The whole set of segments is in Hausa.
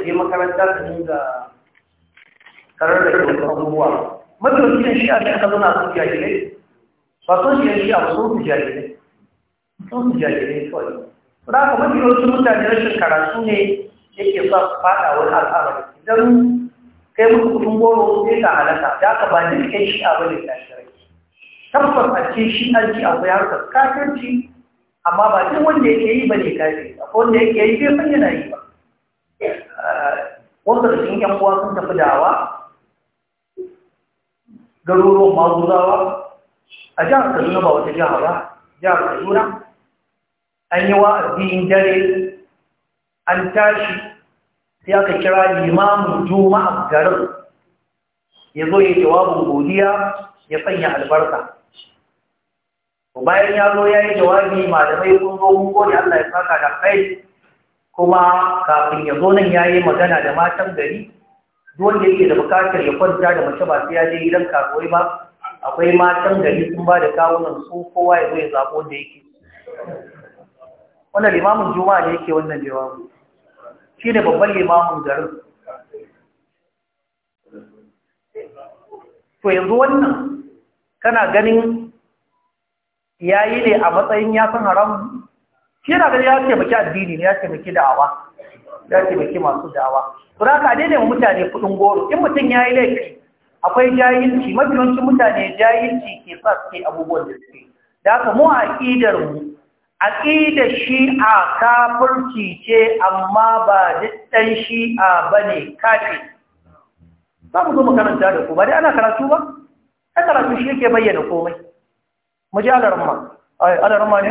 ka je makaranta ka dinga karar da kyau abubuwa mafi shi shi'a da aka zauna sun jajire ba sun yan shi'a ba sun su jajire sun su jajire kawai su da aka mafi wasu mutane rashin karatu ne yake sa su fada wani al'amari idan kai musu kudin goro sai ka halata da aka ba ni kai shi'a ba ne shirai tabbas a ce shi'anci akwai harkar kafirci amma ba duk wanda yake yi ba ne kafirci akwai wanda yake yi bai san yana yi ba wasu da cikin uwa sun tafi dawa garuruwan maguzawa a jihar kaduna ba wata jihar ba jihar kaduna an yi in dare an tashi sai aka kira limamin juma'a garin ya zo ya jawabin godiya ya sanya albarka bayan ya zo ya yi jawabi malamai sun zo mun Allah ya saka da kai kuma kafin ya zo nan ya yi magana da matan gari da yake da bukatar ya kwanta da mace ba sai ya je gidan karuwai ba akwai matan gari sun ba da kawunan su kowa ya zo ya zaɓo da yake wannan limamin juma'a ne yake wannan jawabi shi ne babban limamin garin to yanzu wannan kana ganin ya yi ne a matsayin ya san haramun shi yana gani ya taimaki addini ne ya taimaki da'awa ya taimaki masu da'awa to da ka daina mutane kuɗin goro in mutum ya yi laifi akwai jahilci mafi yawancin mutane jahilci ke sa suke abubuwan da suke da haka mu aƙidar mu aƙidar shi'a kafirci ce amma ba duk shi shi'a ba ne kafin ba mu zo mu karanta da ku ba dai ana karatu ba ai karatu shi yake bayyana komai mu ji alarma ai alarma ne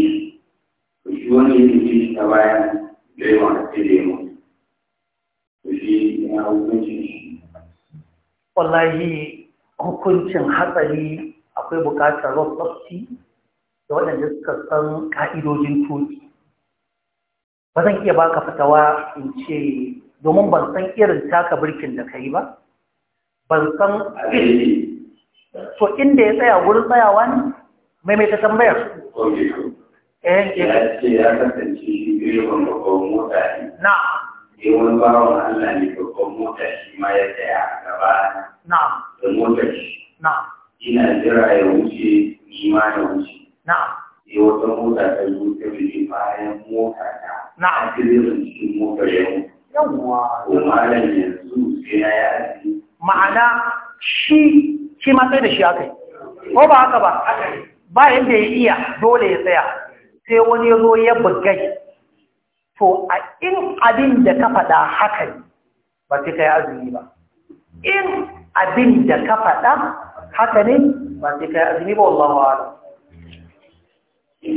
wani ya tafi ta bayan da yawa da sai da yawa to shi ya hukuncin shi wallahi hukuncin hatsari akwai bukatar rosofti da waɗanda suka san ka'idojin tuki ba zan iya baka fatawa in ce domin ban san irin taka birkin da ka yi ba ban san to inda ya tsaya wurin tsayawa ne maimaita tambayar Eh, ya eh. ce ya kasance shi direban babban mota ne. Na. Sai eh, wani bawan Allah ne babban mota shi ma ya tsaya a gaba. Na. Da motar shi. Na. Ina jira ya wuce ni ma ya wuce. Na. Sai wata mota ta zo ta bi bayan mota ta. Na. A direban cikin mota ya mutu. Yawwa. Ko malam yanzu sai na yi azumi. Ma'ana shi shi ma sai da shi aka yi. Ko ba haka ba? Ba yadda ya iya dole ya tsaya. sai wani ya zo ya bugai to a in abin da ka faɗa haka ne ba sai ka yi azumi ba in abin da ka faɗa haka ne ba sai ka yi azumi ba wallahu a'lam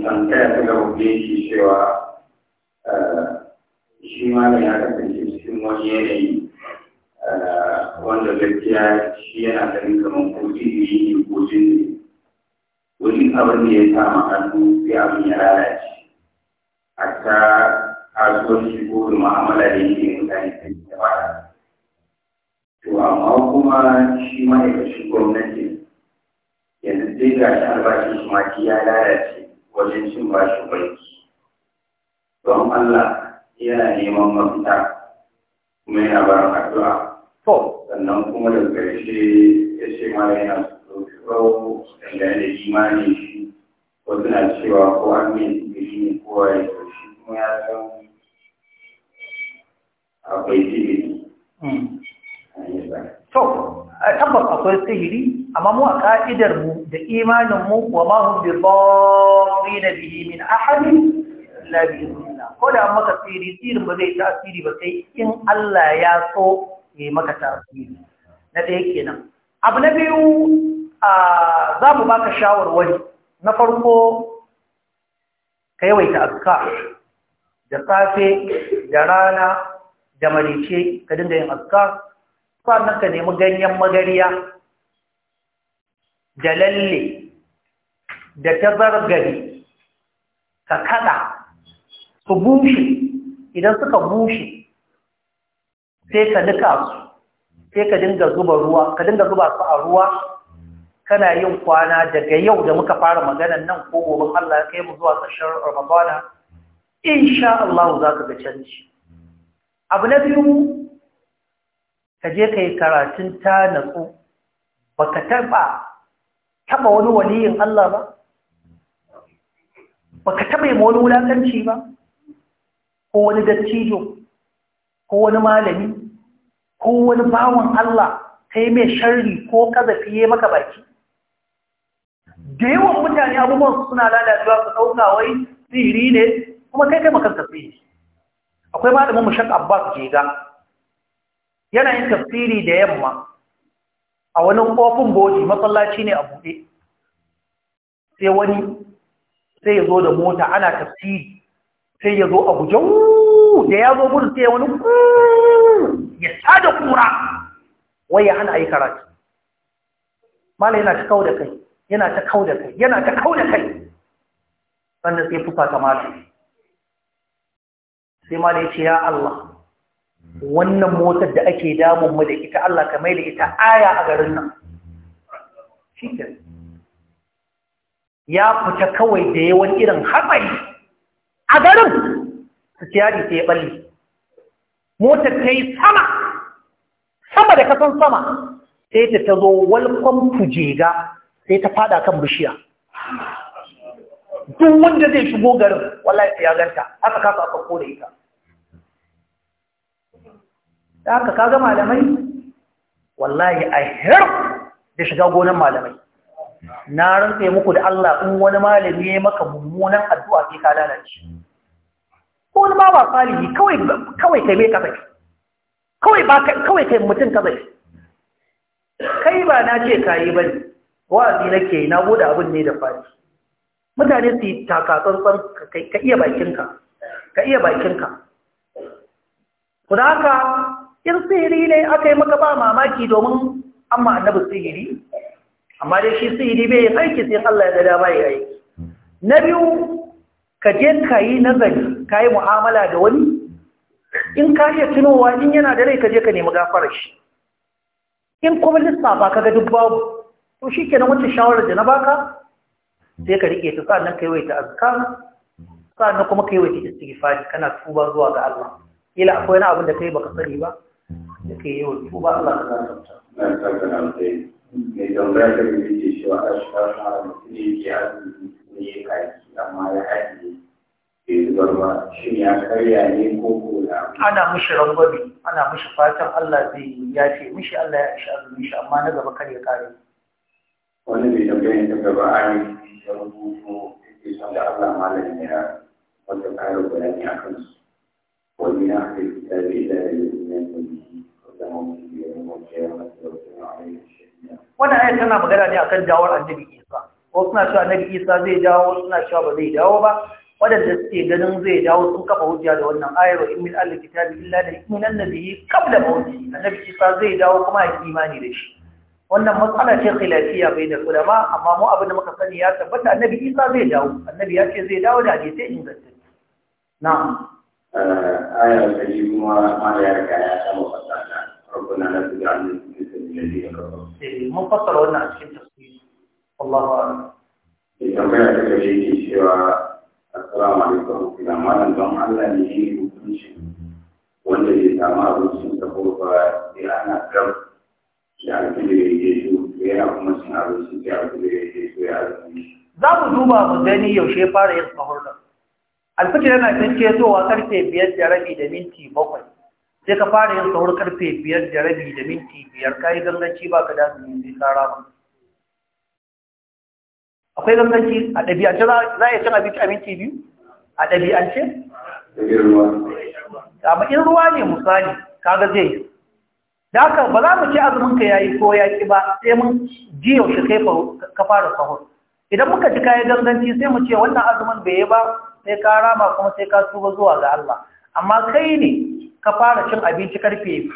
an taya su da hukun shi cewa eh, shi ma ne ya kasance cikin wani yanayi eh, wanda gaskiya shi yana ganin kamar ko jini ne ko jini Wajen abin da ya samu hannu sai abin ya lalace a hatta kasuwanci ko da ma'amala da yake mutane sun yi ba to amma kuma shi ma'aikacin gwamnati yanzu sai ga shi albashin shi ma ya lalace wajen cin bashi banki don Allah yana neman mafita kuma yana bara addu'a sannan kuma daga ƙarshe ya ce ma yana dogaro dangane da imanin shi wasu na cewa ko an mai tsibiri ne kowa ya shi kuma ya san akwai tsibiri. To, hmm. tabbas akwai sihiri, amma mu a ka'idar mu da imanin mu wa mahun birbari na bihi min ahadi na bihinna. Ko da maka sihiri, sihirin ba zai tasiri ba sai in Allah ya so ya maka tasiri. Na ɗaya kenan. Abu na biyu za mu baka shawarwari na farko ka yawaita azkar da safe da rana da marice ka dinga yin azkar sannan ka nemi ganyen magariya da lalle da tazargari ka kada su bushe idan suka bushe sai ka sai ka dinga zuba ruwa ka dinga zuba su a ruwa kana yin kwana daga yau da muka fara maganan nan ko gobe Allah ya kai mu zuwa ƙarshen Ramadana insha Allah za ka ga canji abu na biyu ka je ka karatun ta natsu baka taba taba wani waliyin Allah ba baka taba yi wani wulakanci ba ko wani dattijo ko wani malami ko wani bawan Allah kai mai sharri ko kazafi ya maka baki da yawan mutane abubuwan suna lalacewa su ɗauka wai sihiri ne kuma kai kai makanka sihiri akwai malamin mushak abbas jega yana yin tafsiri da yamma a wani kofin boji masallaci ne a buɗe sai wani sai ya zo da mota ana tafsiri sai ya zo a guje da ya zo gudu sai wani ya da kura wai ya hana a yi karatu mala yana cikau da kai yana ta kau da kai yana ta kau da kai sannan sai fuka mata sai ma da ya ce ya Allah wannan motar da ake damun mu da ita Allah ka maida ita aya a garin nan shikin ya fita kawai da yawan irin hatsari a garin su ciyari sai ya ɓalli. motar ta yi sama sama da kasan sama sai ta ta zo walkon fujega sai ta fada kan bishiya duk wanda zai shigo garin wallahi ya ganta aka kasa aka kore ita da haka kaga malamai wallahi a hir da shiga gonan malamai na rantsa muku da Allah in wani malami ya maka mummunan addu'a sai ka lalace ko wani ba ba salihi kawai kawai kai mai kazai kawai ba kawai kai mutum kazai kai ba na ce kayi bane wa'azi nake na bude abin ne da fari. mutane su yi takatsantsan ka iya bakinka ka iya bakinka ku da haka in sihiri ne aka yi maka ba mamaki domin amma annabi sihiri amma dai shi sihiri bai yin aiki sai Allah ya ga dama ya aiki na biyu ka je ka yi nazari ka yi mu'amala da wani in ka iya tunowa in yana da rai ka je ka nemi gafarar shi in kuma lissafa ka ga duk to shi kenan wancan shawarar da na baka sai ka rike ta sa'annan ka yawaita azkar sa'annan kuma ka yawaita istighfar kana tuba zuwa ga Allah ila akwai wani abin da kai baka sani ba da kai yawan tuba Allah ka zanta ta ya karya ne ko ana mishi rangwabi ana mishi fatan Allah zai yafe mishi Allah ya isha azumi shi amma na gaba kar ya kare wani bai tambayin ta gaba a yi ya rubutu ke son da Allah malam ya wata ƙara bayani a kan su wani na aka yi ta bai da yi ne da wannan ayat tana magana ne akan jawar annabi Isa Wasu suna cewa annabi Isa zai dawo suna cewa ba zai dawo ba wadanda suke ganin zai dawo sun kafa hujja da wannan ayar wa immin alkitabi illa da immin annabi qabla mawti annabi Isa zai dawo kuma a imani da shi wannan matsala ce khilafiya bai da ulama amma mu abin da muka sani ya tabbata annabi isa zai dawo annabi ya ce zai dawo da hadisai inganta na aya ta yi kuma ma ya riga ya samu fasala rabbuna la tuj'alna fi sabili alladhi mun fassara wannan a cikin tafsiri Allahu a'lam idan ba ta kace shi cewa assalamu alaikum ila malam don Allah ne yi hukunci wanda ya samu abincin sa ko ba ya ana gaba za mu duba mu gani yaushe fara yin sahur din alfijir yana cikin towa karfe biyar da rabi da minti bakwai sai ka fara yin sahur karfe biyar da rabi da minti biyar ka yi ganganci ba ka da su yi kara ba akwai ganganci a ɗabi'ance za a yi cin abinci a minti biyu a ɗabi'ance? amma in ruwa ne misali kaga zai yi. da haka ba za mu ci azumin ka yayi ko ya ƙi ba sai mun ji yaushe kai ka fara sahur idan muka ji kayan ganganci sai mu ce wannan azumin bai yi ba sai ka rama kuma sai ka tuba zuwa ga Allah amma kai ne ka fara cin abinci karfe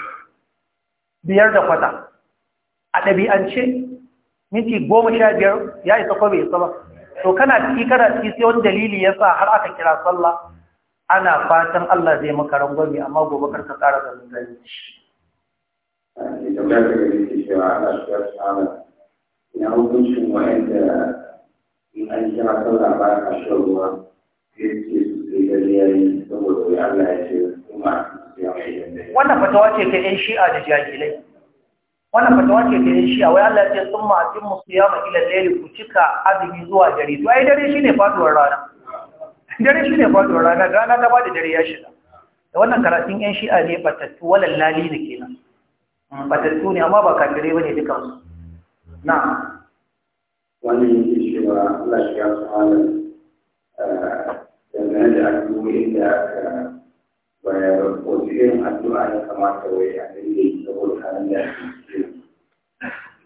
biyar da kwata a ɗabi'ance minti goma sha biyar ya isa ko bai isa ba to kana ciki kana ci sai wani dalili ya sa har aka kira sallah ana fatan Allah zai maka rangwami amma gobe kar ka ƙara zalunci da ba su ya ya wannan fatawa ce ta 'yan shi'a da wannan fatawa ce ta 'yan musu ya maki ilal ku cika azumi zuwa dare to ai dare shine faduwar rana dare shi ne faɗuwar rana rana ta ba da dare ya shiga da wannan karatun yan shi'a ne batattu walallali da kenan fatattu ne amma ba kafirai bane dukan su na wannan yake cewa Allah shi ya tsara eh, dangane da addu'o'in da baya wasu irin addu'a ya kamata wai a dinga yi saboda halin da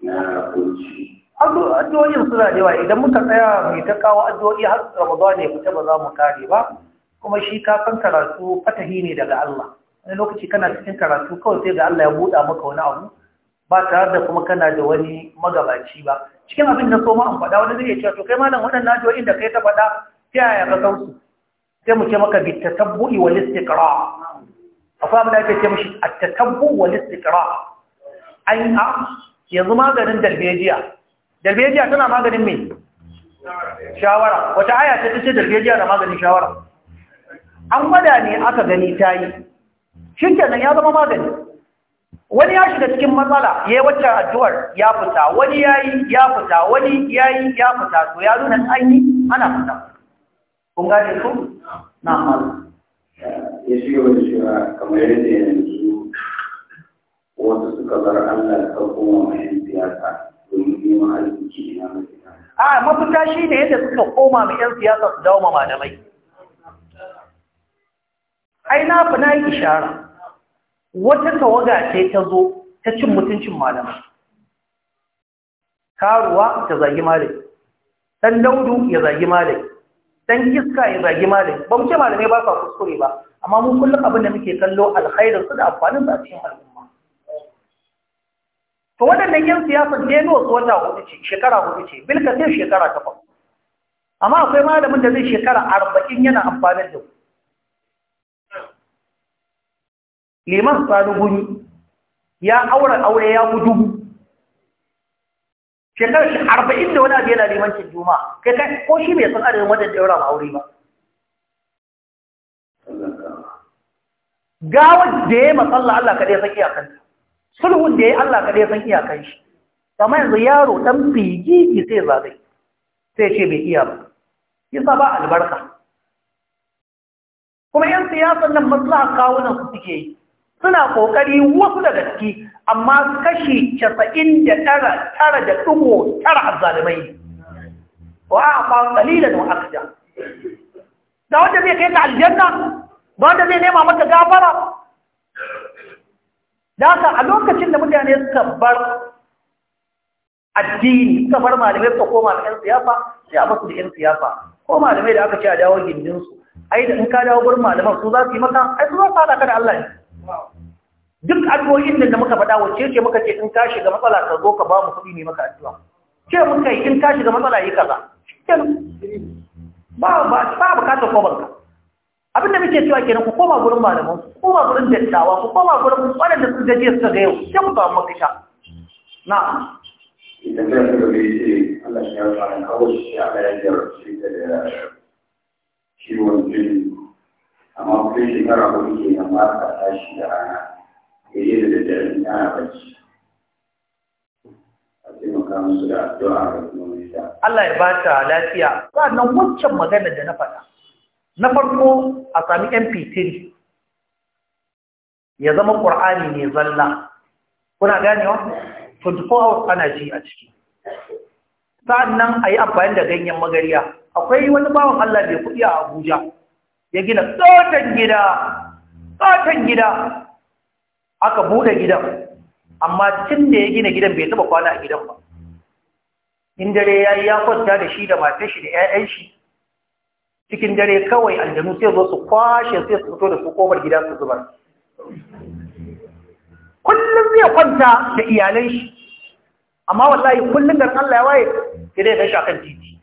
na kunci addu'o'in suna da yawa idan muka tsaya mai ta kawo addu'o'i har Ramadan ne fita ba za mu kare ba kuma shi ka san karatu fatahi ne daga Allah wani lokaci kana cikin karatu kawai sai ga Allah ya buɗa maka wani abu ba tare da kuma kana da wani magabaci ba cikin abin da so ma an faɗa wani zai cewa to kai malam waɗannan jiwa da kai ta faɗa ta yaya ka san su sai mu ce maka bi tatabbu'i wal istiqra akwai abin da ake ce mishi at-tatabbu wal istiqra ai a yanzu maganin dalbejiya dalbejiya tana maganin me shawara wata aya ce ta ce dalbejiya na maganin shawara an gwada ne aka gani ta yi shi kenan ya zama magani wani ya shiga cikin matsala ya yi wacce addu'ar ya fita wani ya yi ya fita wani ya yi ya fita to ya nuna an yi ana fita kun gane su na malu ya shi yau da shiwa kamar yadda yanzu wasu suka bar allah ta kuma mai siyasa domin neman arziki na mafita a mafita shi ne yadda suka koma mai yan siyasa su dawo ma malamai ai na fi na yi ishara wata tawaga ce ta zo ta cin mutuncin malamai karuwa ta zagi malami dan daudu ya zagi malami dan iska ya zagi malami ba mu ce malamai ba sa kuskure ba amma mun kullum abin da muke kallo alkhairin su da amfanin su a cikin al'umma to wadannan yan siyasa Benue su wata hudu ce shekara hudu ce bilka sai shekara takwas amma akwai malamin da zai shekara arba'in yana amfanin da ku liman sani guni ya aure aure ya gudu shekara shi arba'in da wani abu yana limancin juma kai kai ko shi bai san adadin wajen daura ma aure ba gawar da ya yi matsala Allah kaɗai san iyakan sulhun da ya yi Allah kaɗai san iyakan shi kama yanzu yaro ɗan fiji sai zaɓe sai ce bai iya ba sa ba albarka kuma yan siyasan nan maslaha kawunan su suke yi suna kokari wasu da gaske amma kashi casa'in da tara tara da ɗigo tara azzalimai wa a fa qalilan wa akda da wanda zai kai ka aljanna da wanda zai nema maka gafara da haka a lokacin da mutane suka bar addini suka bar malamai suka koma da 'yan siyasa sai a basu da 'yan siyasa ko malamai da aka ce a dawo gindinsu ai da in ka dawo bar malaman su za su yi maka ai su za su haɗa ka da Allah ne duk addu'o'in da muka faɗa wacce ce muka ce in ka shiga matsala ka zo ka ba mu kuɗi ne maka addu'a ce muka yi in ka shiga matsala yi kaza ba ba ba bukatar kobanka abinda muke cewa kenan ku koma gurin malaman ku koma gurin dattawa ku koma gurin da sun gaje su ga yau sai ku ba mafita na idan da kuka bai ce Allah ya fara kawo shi a bayan shi da ciwon jini amma kai shekara kuma ke nan ba ka tashi da rana yi da daddare Allah ya bata lafiya. ba nan wancan magana da na faɗa na farko a sami mp3 ya zama ƙur'ani ne zalla kuna ganewa 24 hours ana ji a ciki sa'annan a yi amfani da ganyen magariya akwai wani bawan Allah mai kuɗi a Abuja ya gina tsotan gida Tsotan gida aka bude gidan amma tun da ya gina gidan bai taba kwana a gidan ba in dare ya yi ya kwanta da shi da matar shi da 'ya'yan shi cikin dare kawai aljanu sai zo su kwashe sai su fito da su kofar gida su zubar kullum zai kwanta da iyalan shi amma wallahi kullum da Allah ya waye sai dai gashi akan titi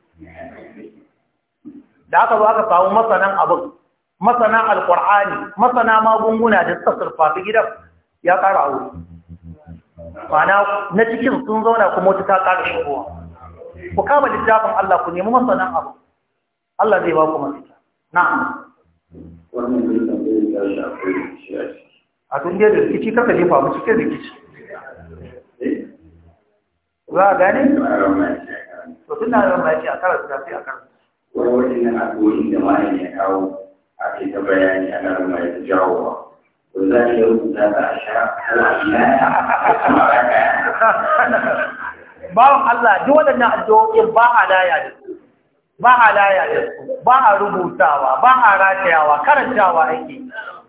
da aka zo aka samu masanan abin masana alqur'ani masana magunguna da suka gidan ya ƙara aure ma'ana na cikin sun zauna kuma wata ta ƙara shigowa ku kama littafin Allah ku nemi nan abu Allah zai ba ku mafita na'am a tun da rikici kaka jefa mu cikin rikici eh? za a gane? to tun na yawan baki a su tafi a su wani wajen nan a da ma'ayin ya kawo a ke ta bayani ana rama ya jawowa to za ya rubuta ta a sha bawan Allah duk waɗannan addu'o'in ba a laya da su ba a laya da su ba a rubutawa ba a ratayawa karantawa ake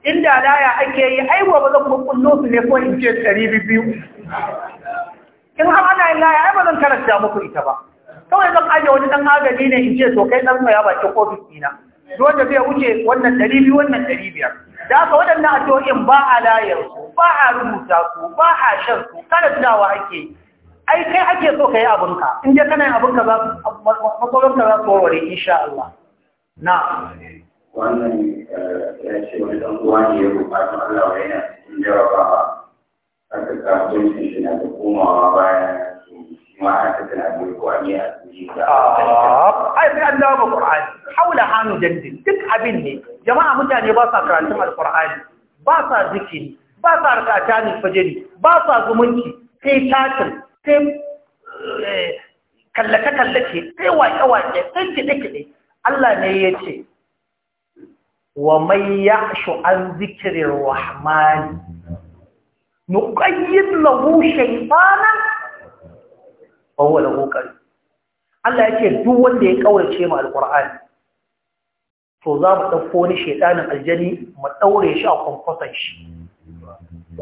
inda laya ake yi aiwa ba zan kullo su ne ko in ce ɗari biyu in har ana yin laya ai ba zan karanta muku ita ba kawai zan aje wani ɗan agaji ne in ce to kai ɗan ya bakin ofis ɗina duk wanda zai wuce wannan ɗari biyu wannan ɗari biyar da aka waɗannan addu'o'in ba a layar ba a rubuta su ba a shan su kada tunawa ake ai kai ake so ka yi abinka in dai kana yin abinka za matsalolka za su warware insha Allah na wannan eh, ya ce wani ɗan uwa ne ya bukatu Allah wa yana cikin jarabawa aka kafin shi na da komawa bayan a cikin ne ah, ai sai an dawo Qur'ani haula hannu jaddin duk abin ne jama'a mutane ba sa karatun alkur'ani ba sa zikiri ba sa rikata ne fajiri ba sa zumunci sai tatin sai eh, kallace kallake sai waƙe-waƙe sai kiɗe-kiɗe Allah ne ya ce wa mai ya an zikirin rahmani nukayin lagu shaifanan ɓawon lagu ƙari Allah ya ce duk wanda ya ƙaurace ma alƙur'ani to za mu ɗauko wani shaidanin aljani mu ɗaure shi a kwankwason shi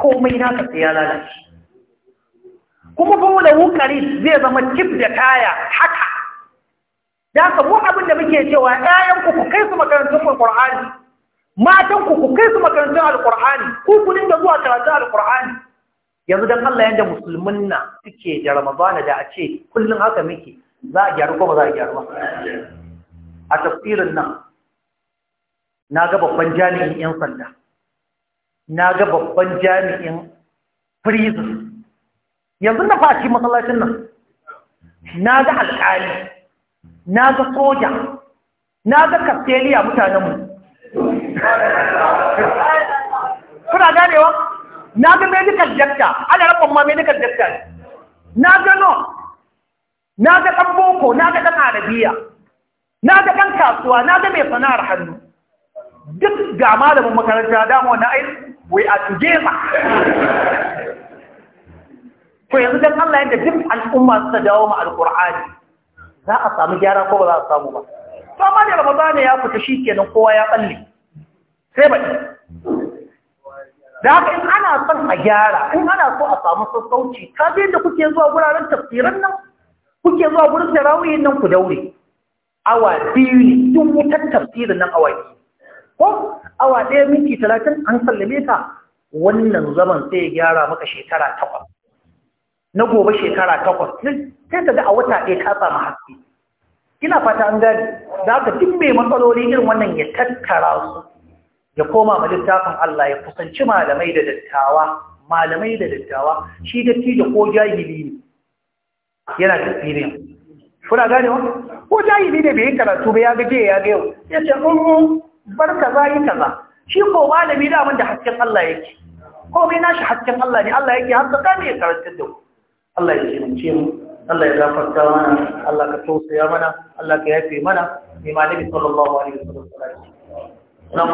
komai na ka lalace kuma kuma da wukari zai zama kif da kaya haka da ka mu abin da muke cewa 'ya'yanku ku kai su makarantun alƙur'ani matan ku ku kai su makarantun alƙur'ani ku ku dinga zuwa karatun alƙur'ani yanzu dan Allah yanda musulmin na suke da Ramadana da a ce kullum haka muke za a gyaru ko ba za a gyaru ba a tafsirin nan na ga babban jami'in 'yan sanda na ga babban jami'in prison yanzu na fashi matsalacin nan na ga alƙali na ga soja na ga kasteliya mutanenmu kuna ganewa na ga medical doctor ana rabon ma medical doctor na ga no na ga ɗan boko na ga ɗan arabiya na ga ɗan kasuwa na ga mai sana'ar hannu duk ga malamin makaranta dama wannan wai we are together to yanzu dan Allah yadda duk al'umma su ta dawo ma alqur'ani za a samu gyara ko ba za a samu ba to amma da Ramadan ya fita shikenan kowa ya balle sai baki da haka in ana son a gyara in ana so a samu sassauci ka bi da kuke zuwa wuraren tafsiran nan kuke zuwa wurin tarawihin nan ku daure awa biyu ne duk wutar tafsirin nan awa biyu ko awa ɗaya minti talatin an sallame ka wannan zaman sai ya gyara maka shekara takwas na gobe shekara takwas sai ka ga a wata ɗaya ka samu haske ina fata an gani da aka duk mai matsaloli irin wannan ya tattara su ya koma ma littafin Allah ya kusanci malamai da dattawa malamai da dattawa shi dattijo ko jahili ne yana tafiya kuna gane wa ko jahili ne bai yi karatu ba ya gaje ya ga yau ya ce bar kaza yi kaza shi ko malami da da hasken Allah yake komai nashi hasken Allah ne Allah yake har ka ya karanta da ku Allah ya shirce mu Allah ya gafarta mana Allah ka tausaya mana Allah ka yafe mana ne malami sallallahu alaihi wasallam